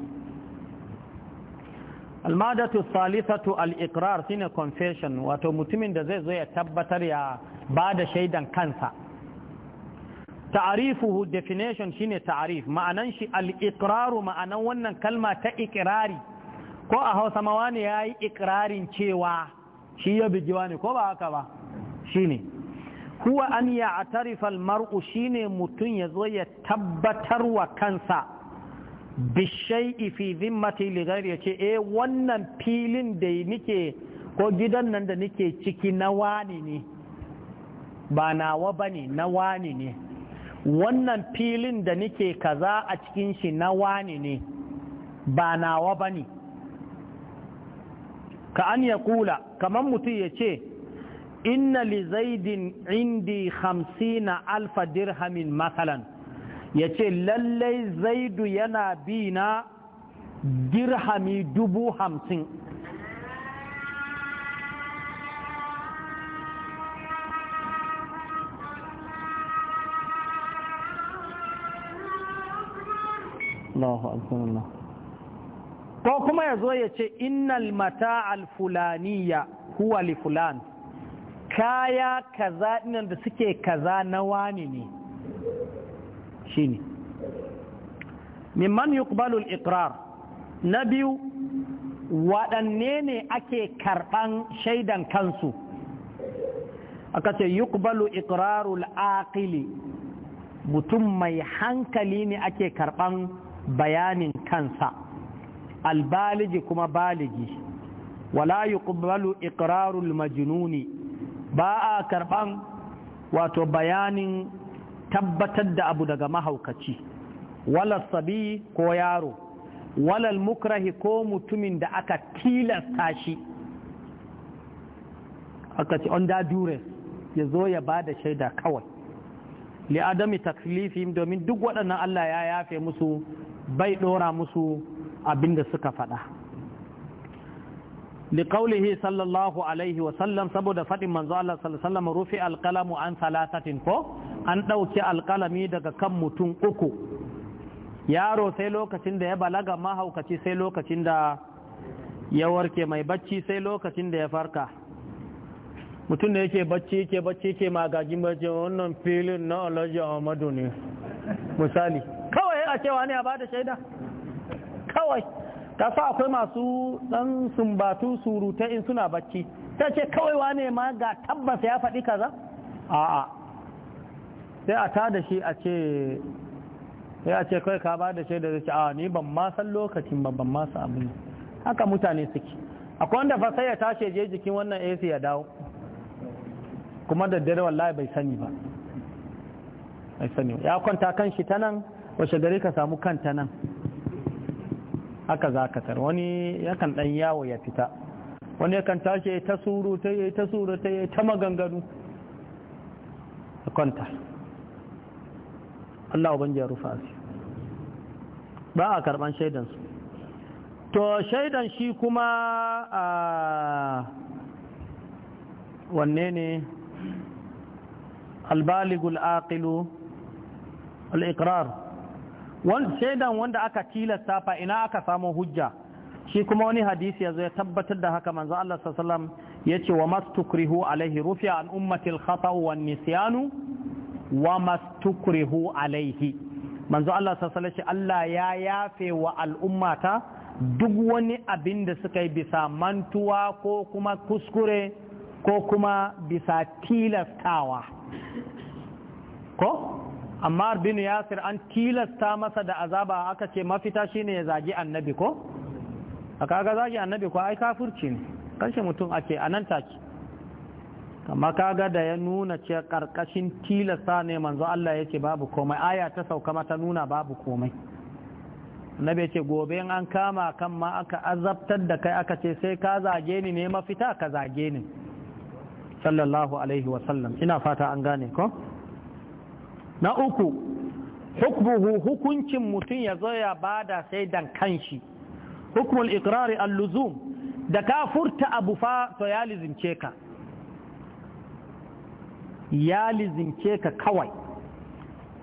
almadatu salisatu al-iqrar shine confession wato mutumin da zai zo ya tabbatar ya ba da shaidan kansa ta'arifuhu definition shine ta'arif ma'anan shi al-iqraru ma'anan wannan kalma ta iqrari ko a Hausa ma wani yayi iqrarin cewa shi ya bijiwa wani ko ba haka ba shine huwa an ya'tarifa al-mar'u shine mutun yazo ya tabbatar wa kansa shay'i fi zimmati li ghairi yace eh wannan filin da nike ko gidan nan da nike ciki na wani ne ba nawa bane na wani ne wannan filin da nike kaza a cikin shi na wani ne ba nawa ba ne ka an ya kula kamar mutum ya ce inna li zaidin indi hamsina alfa dirhamin makalan, ya ce lallai zaidu yana bi na dirhami dubu hamsin ko kuma yazo yace ya ce innal mata alfulaniya huwa li fulan kaya kaza ɗinan da suke kaza na wani ne shi ne mimman yuqbalu al-iqrar na biyu waɗanne ne ake karɓan shaidan kansu aka ce yuqbalu iqrarul aqili mutum mai hankali ne ake karɓan bayanin kansa albaligi kuma baligi wala yuqbalu iqrarul majnuni ba a karban wato bayanin tabbatar da abu daga mahaukaci wala sabi ko yaro walal mukrahi ko mutumin da aka tilasta shi aka ci under dure ya zo ya ba da shaida kawai li adami taklifi domin duk waɗannan Allah ya yafe musu bai ɗora musu abinda suka faɗa liƙaulihi sallallahu alaihi wasallam saboda faɗin manzo Allah sallallahu rufe alƙalamu an salatatin ko an ɗauki alƙalami daga kan mutum uku yaro sai lokacin da ya balaga mahaukaci sai lokacin da ya warke mai bacci sai lokacin da ya farka mutum da yake bacci ke bacci ke magajin bacci wannan filin na alhaji ahmadu ne misali kawai cewa ne a ba da shaida kawai ta sa akwai masu dan sumbatu surutai in suna bacci ta ce kawai wane ma ga tabbas ya faɗi kaza a'a sai a tada shi a ce sai a ce kai ka ba da shaida zai ce a ni ban ma san lokacin ba ban ma san abin haka mutane suke akwai wanda fa sai ya tashi je jikin wannan AC ya dawo kuma da dare wallahi bai sani ba bai sani ya kwanta kan shi ta nan wace dare ka samu kanta nan haka za ka tar wani yakan ɗan yawo ya fita wani yakan tashi ta suru ta yi ta suru ta yi ta maganganu a kwanta Allah wa ya rufa su ba a karban shaidansu to shaidan shi kuma a wanne ne albaligul aqilu al-iqrar shaidan wanda aka tilasta fa ina aka samu hujja shi kuma wani hadisi yazo ya tabbatar da haka manzo Allah sallallahu yace wa mastukrihu alaihi rufi an ummati alkhata wa nisyanu wa mastukrihu alaihi manzo Allah sallallahu Allah ya yafe wa al'ummata duk wani abin da suka yi bisa mantuwa ko kuma kuskure ko kuma bisa tilastawa ko amma bin yasir an tilasta masa da azaba aka ce mafita shine ya zagi annabi ko a kaga zagi annabi ko ai kafirci ne kashe mutum ake a nan take amma kaga da ya nuna ce karkashin tilasta ne manzo Allah ya ce babu komai aya ta sauka mata nuna babu komai annabi ya ce gobe an kama kan ma aka azabtar da kai aka ce sai ka zage ni ne mafita ka zage ni sallallahu alaihi wasallam ina fata an gane ko na uku hukmuhu hukuncin mutum ya zo ya bada sai dan kanshi hukmul iqrari al-luzum da ka furta abu fa to ya lizince ka ya lizince ka kawai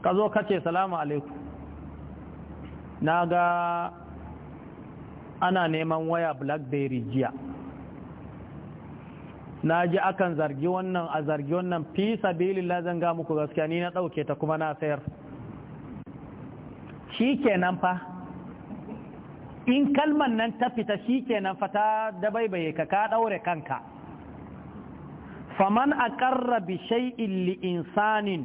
ka zo ka ce salamu alaikum na ga ana neman waya blackberry jiya na ji akan zargi wannan a zargi wannan fi sabilillah zan ga muku gaskiya ni na ɗauke ta kuma na sayar shi nan fa in kalman nan ta fita shi nan fa ta dabaibaye ka ka daure kanka faman a ƙarrabi shay'in li insanin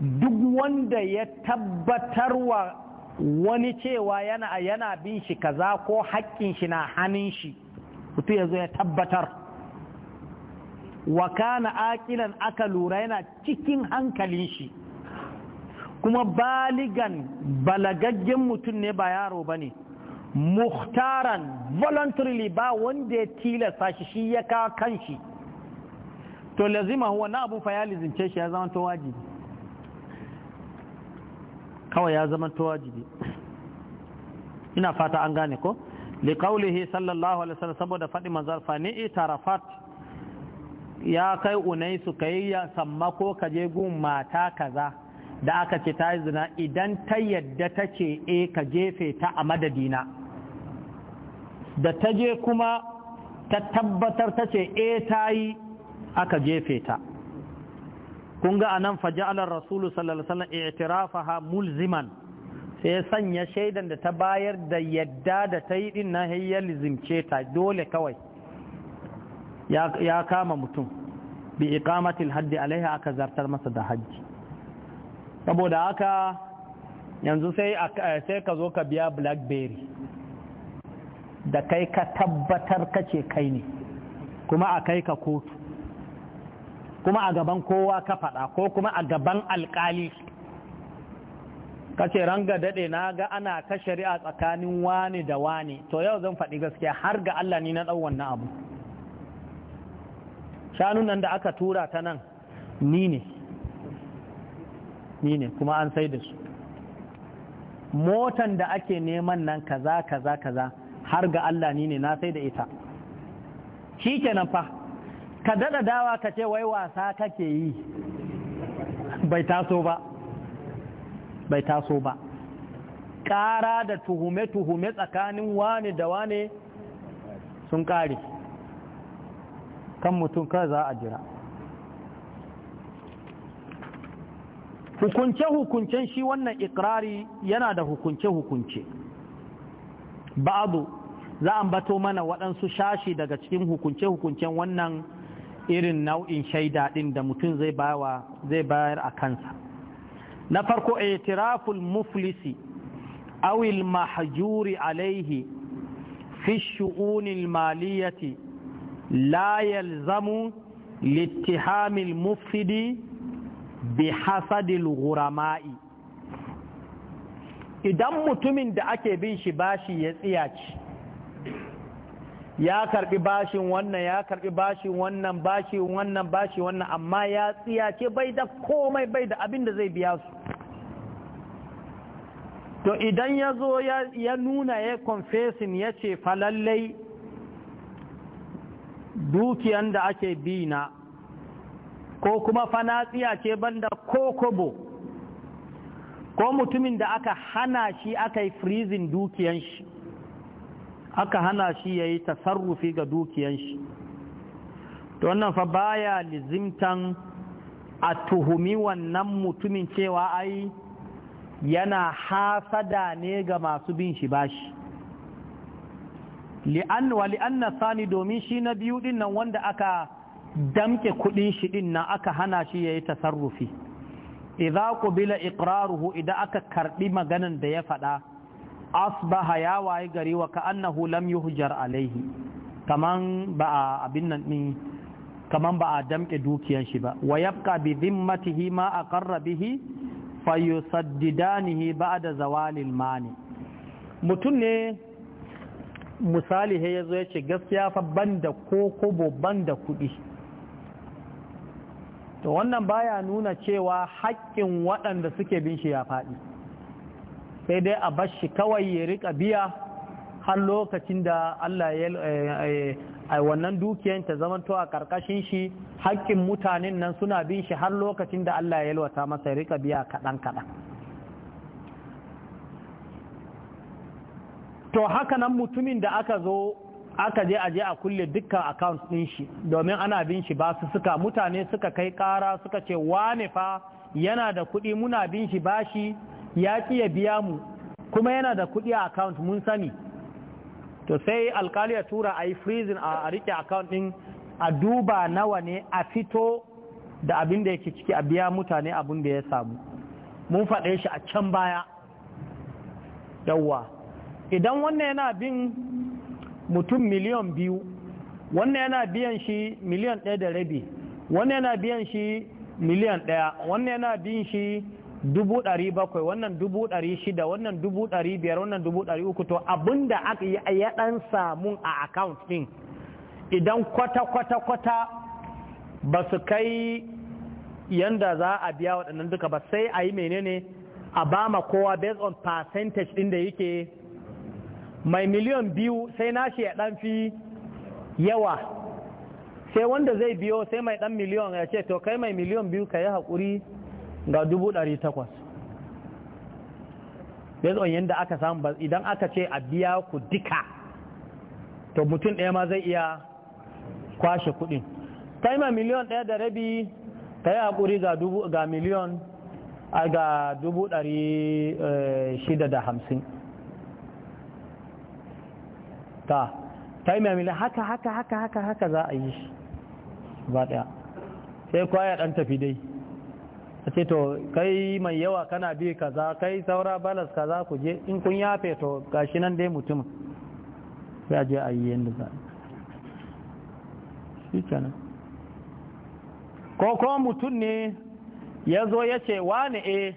duk wanda ya tabbatarwa wani cewa yana yana bin shi kaza ko haƙƙin shi na hannun shi mutu ya zo ya tabbatar wa kana akilan aka lura yana cikin hankalin shi kuma baligan balagaggen mutum ne ba yaro ba ne muhtaran voluntarily ba wanda ya tilasta shi shi ya kawo kanshi to lazima huwa na abun fa ya shi ya zama to wajibi kawai ya zama to wajibi ina fata an gane ko liqaulihi sallallahu alaihi wasallam saboda faɗi manzar fa ni tarafat ya kai su ka ya sammako ka je gun mata kaza da aka ce ta zina idan ta yadda ta ce e ka jefe ta a madadina da ta je kuma ta tabbatar ta ce e ta yi aka jefe ta kun ga anan faja'alar rasulu sallallahu alaihi wasallam i'tirafaha mulziman sai sanya shaidan da ta bayar da yadda da ta yi din na hayyar lizimce ta dole kawai ya kama mutum bi iqamatil haddi alaiha aka zartar masa da hajji saboda haka yanzu sai ka zo ka biya blackberry da kai ka tabbatar kace kai ne kuma a kai ka kotu kuma a gaban kowa ka faɗa ko kuma a gaban alkali kace ranga daɗe na ga ana ka shari'a tsakanin wani da wani to yau zan faɗi gaskiya har ga Allah ni na ɗau wannan abu shanun nan da aka tura ta nan ni ne ni ne kuma an sai da su motan da ake neman nan kaza kaza kaza har ga Allah ni ne na sai da ita shi kenan fa ka dada dawa ka ce wai wasa kake yi bai taso ba bai taso ba ƙara da tuhume-tuhume tsakanin wane da wane sun ƙare kan mutum ka za a jira hukunce-hukuncen shi wannan ikirari yana da hukunce-hukunce ba'adu za a bato mana waɗansu shashi daga cikin hukunce-hukuncen wannan irin nau'in shaida ɗin da mutum zai bayar a kansa na farko itiraful muflisi awil mahjuri alaihi fi shu'unil maliyati la zamu littihamil mufsidi bi hasadil gurama'i idan mutumin da ake bin shi bashi ya tsiyaci ya karbi bashin wannan ya karbi bashin wannan bashi wannan bashi wannan amma ya tsiyace bai da komai bai da abin da zai biya su to idan ya zo ya nuna ya confessing ya ce falallai dukiyan da ake bi ko kuma fanatsiya ce banda ko kobo ko mutumin da aka hana shi aka yi freezing dukiyan shi aka hana shi ya yi tasarrufi ga dukiyan shi to wannan fa baya lizimtan a tuhumi wannan mutumin cewa ai yana hasada ne ga masu bin shi bashi li'an wa sani domin shi na biyu din nan wanda aka damke kudin shi din nan aka hana shi ya yi tasarrufi idza qubila iqraruhu idan aka karbi maganan da ya faɗa asbaha ya waye gari wa ka'annahu lam yuhjar alaihi kaman ba a abin nan din kaman ba a damke dukiyan shi ba wa yabqa bi dhimmatihi ma aqarra bihi fayusaddidanihi ba'da zawalil mani mutum ne misali ya zo ya ce gaskiya fa da ko kobo da kuɗi to wannan baya nuna cewa haƙƙin waɗanda suke bin shi ya faɗi sai dai a bashi kawai ya riƙa biya har lokacin da Allah ya ai eh, eh, eh, wannan dukiyar ta to a ƙarƙashin shi haƙƙin mutanen nan suna bin shi har lokacin da Allah ya yalwata masa ya riƙa biya kaɗan-kaɗan to haka nan mutumin da aka zo aka je aje a kulle dukkan account ɗin shi domin ana bin shi ba su suka mutane suka kai ƙara suka ce wane fa yana da kuɗi muna bin shi bashi ya ƙi ya biya mu kuma yana da kuɗi a account mun sani to sai alkali ya tura a yi freezing a rike account ɗin a duba nawa ne a fito da abin da yake ciki a biya mutane abin da ya samu mun faɗe shi a can baya yawwa idan wannan yana bin mutum miliyan biyu wannan yana biyan shi miliyan ɗaya da rabi wannan yana biyan shi miliyan ɗaya wannan yana biyan shi dubu ɗari bakwai wannan dubu ɗari shida wannan dubu ɗari biyar wannan dubu ɗari uku to da aka yi ya ɗan samun a account ɗin idan kwata-kwata-kwata ba su kai yanda za a biya waɗannan duka ba sai a yi menene a bama kowa based on percentage ɗin da yake mai miliyan biyu sai nashi ya dan fi yawa sai wanda zai biyo sai mai dan miliyan ya ce to kai mai miliyan biyu ka yi haƙuri ga dubu ɗari takwas based on yadda aka samu idan aka ce a biya ku duka to mutum ɗaya ma zai iya kwashe kuɗin kai mai miliyan ɗaya da rabi ka yi haƙuri ga miliyan ga dubu ɗari eh, shida da hamsin ta ta yi mamila haka haka haka haka haka za a yi shi ba ɗaya sai kwaya ɗan tafi dai a ce to kai mai yawa kana bi kaza kai saura balas kaza ku je in kun yafe to gashi nan dai mutum ya je a yi yadda za a yi ko kuma mutum ne ya zo ya ce wane e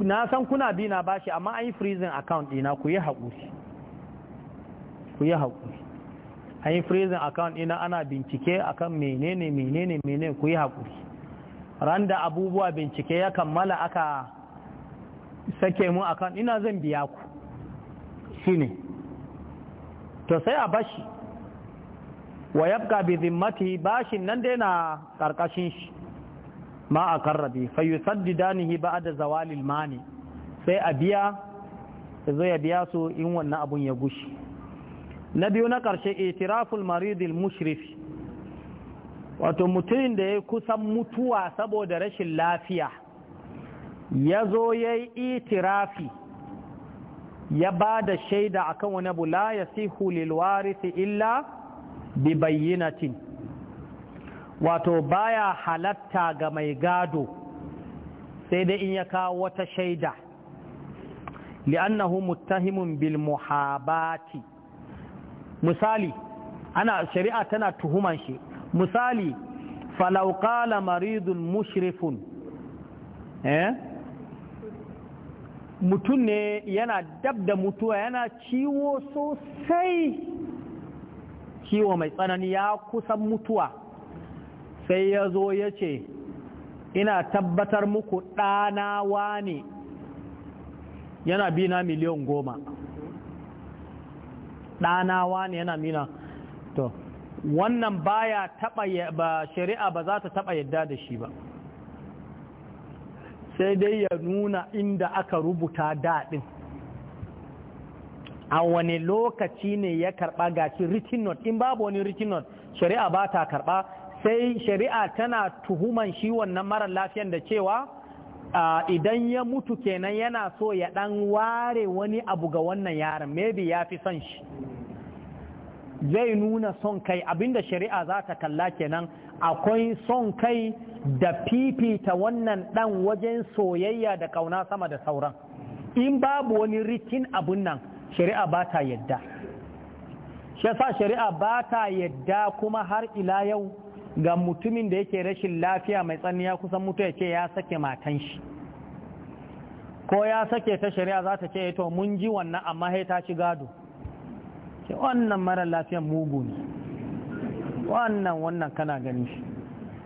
na san kuna bi na bashi amma an yi freezing account dina ku yi haƙuri ku yi haƙuri an yi freezing account ina ana bincike akan menene menene menene ku yi haƙuri ran da abubuwa bincike ya kammala aka sake mu akan ina zan biya ku ne, to sai a bashi wa yabqa bi zimmati bashin nan dai na ƙarƙashin shi ma a karrabe fa ba ba'da zawalil mani sai a biya zo ya biya su in wannan abun ya gushi na biyu na ƙarshe itiraful maridil mushrifi wato mutumin da ya kusan mutuwa saboda rashin lafiya ya zo ya yi itirafi ya ba da shaida akan wani abu la ya sihu lilwarisi illa bi bayyinatin wato baya halatta ga mai gado sai dai in ya kawo wata shaida li'annahu muttahimun bil muhabati misali ana shari'a tana tuhuman shi misali qala maridun mushrifun eh mutum ne yana dab da mutuwa yana ciwo sosai ciwo mai tsanani ya kusan mutuwa sai ya zo ya ce ina tabbatar muku ɗanawa ne yana bina miliyan goma ɗana wani yana nuna. to wannan baya taba ba shari'a ba za ta taɓa yadda da shi ba sai dai ya nuna inda aka rubuta daɗin a wani lokaci ne ya karɓa ga shi note in babu wani rikinot shari'a ba ta karɓa sai shari'a tana tuhuman shi wannan mara lafiyan da cewa idan ya mutu kenan yana so ya ɗan ware wani abu ga wannan yaron maybe ya fi son shi zai nuna son kai abinda shari'a za ta kalla kenan akwai son kai da fifita wannan dan wajen soyayya da kauna sama da sauran in babu wani rikin abun nan shari'a ba ta yadda shi yasa shari'a ba ta yadda kuma har ila yau ga mutumin da yake rashin lafiya mai tsanniya kusan mutu ya ce ya sake matan shi ko ya sake ta shari'a za ta ce eh to mun ji wannan amma sai ta ci gado ce wannan mara lafiyan mugu ne wannan wannan kana gani shi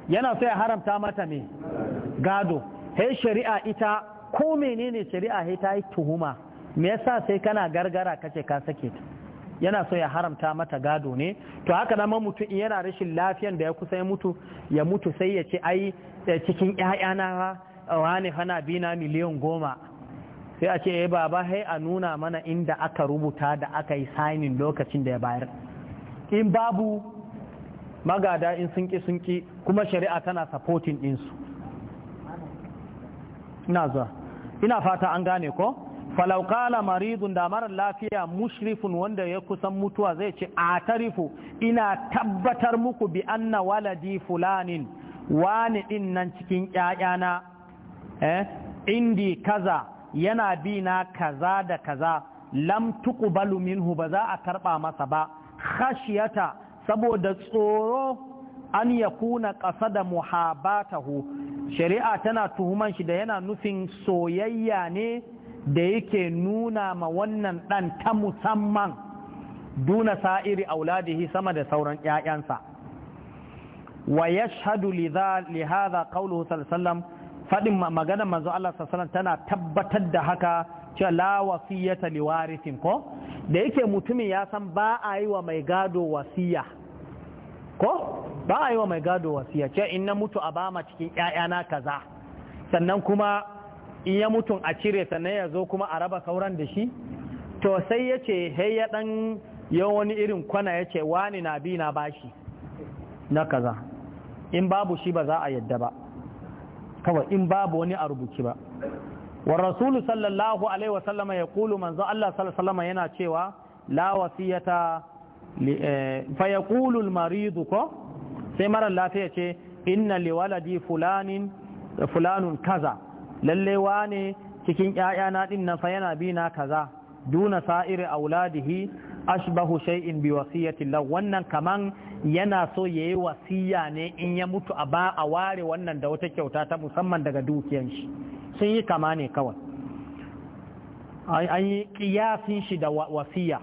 yana so ya haramta mata ne gado hei shari'a ita ko menene shari'a hei ta yi tuhuma me yasa sai kana gargara kace ka sake ta yana so ya haramta mata gado ne to haka nan ma mutum yana rashin lafiyan da ya kusa ya mutu ya mutu sai ya ce ai eh, cikin ƴaƴana wani hana bina miliyan goma sai a ce eh baba hai a nuna mana inda aka rubuta da aka yi sainin lokacin da ya bayar in babu magada in sun ki kuma shari'a tana supporting ɗinsu ina zuwa ina fata an gane ko falaukala maridun da mara lafiya mushrifun wanda ya kusan mutuwa zai ce a tarifu ina tabbatar muku bi anna waladi fulanin wani din nan cikin ƴaƴana eh indi kaza yana bi na kaza da kaza lam tuqbalu minhu ba za a karba masa ba khashiyata saboda tsoro an yakuna qasada muhabatahu shari'a tana tuhuman shi da yana nufin soyayya ne da yake nuna ma wannan dan ta musamman duna sa'iri auladihi sama da sauran ƴaƴansa wa yashhadu li hadha qawluhu sallallahu alaihi wasallam faɗin maganar manzo Allah sallallahu tana tabbatar da haka cewa la wasiyata li ko da yake mutumin ya san ba a yi wa mai gado wasiya ko ba a yi wa mai gado wasiya cewa in na mutu a bama cikin ƴaƴana kaza sannan kuma in ya mutu a cire sannan ya zo kuma a raba sauran da shi to sai yace ce hey ya dan ya wani irin kwana ya ce wani na bi na bashi na kaza in babu shi ba za a yadda ba kawai in babu wani a rubuci ba wa rasulu sallallahu alaihi wa sallama ya kulu manzo Allah sallallahu alaihi yana cewa la wasiyata eh, fa yaqulu al maridu ko sai mara lafiya ce inna li waladi fulanin fulanun kaza lalle wane cikin 'ya'yana din nan fa yana bi na kaza duna sa'iri auladihi ashbahu shay'in bi wasiyyati wannan kaman yana so yayi wasiya ne in ya mutu a ba a ware wannan da wata kyauta ta musamman daga dukiyar shi sun yi kama ne kawai an yi kiyasin shi da wasiya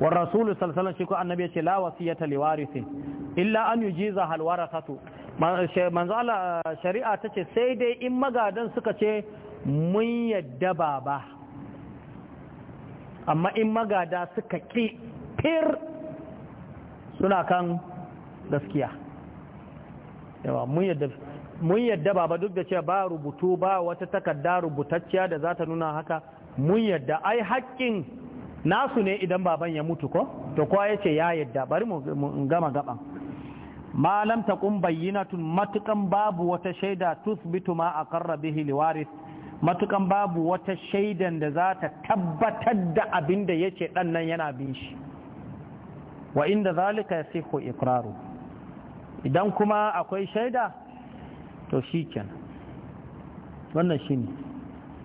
wa rasulu sallallahu shi ko annabi ce la wasiyata li warithin illa an yujiza hal warasatu manzo Allah shari'a tace sai dai in magadan suka ce mun yadda baba amma in magada suka ƙi fir suna kan gaskiya yawa mun yadda baba duk da ce ba rubutu ba wata takarda rubutacciya da za ta nuna haka mun yadda ai haƙƙin nasu ne idan baban ya mutu ko to kowa ya ce ya yadda bari mu gama gaban malam ta bayyana tun matukan babu wata shaida tusbitu ma a rabi bihi matukan babu wata shaidan da za ta tabbatar da abin da ya ce ɗannan yana bin shi wa inda zalika ya siho ikraru idan kuma akwai shaida to shi kenan wannan shi ne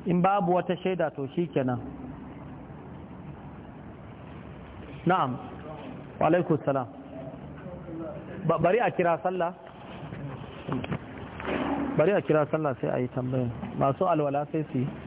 in babu wata shaida to shi kenan na'am wa Ba bari a kira sallah bari a kira sallah sai a yi tambaya masu alwala sai su yi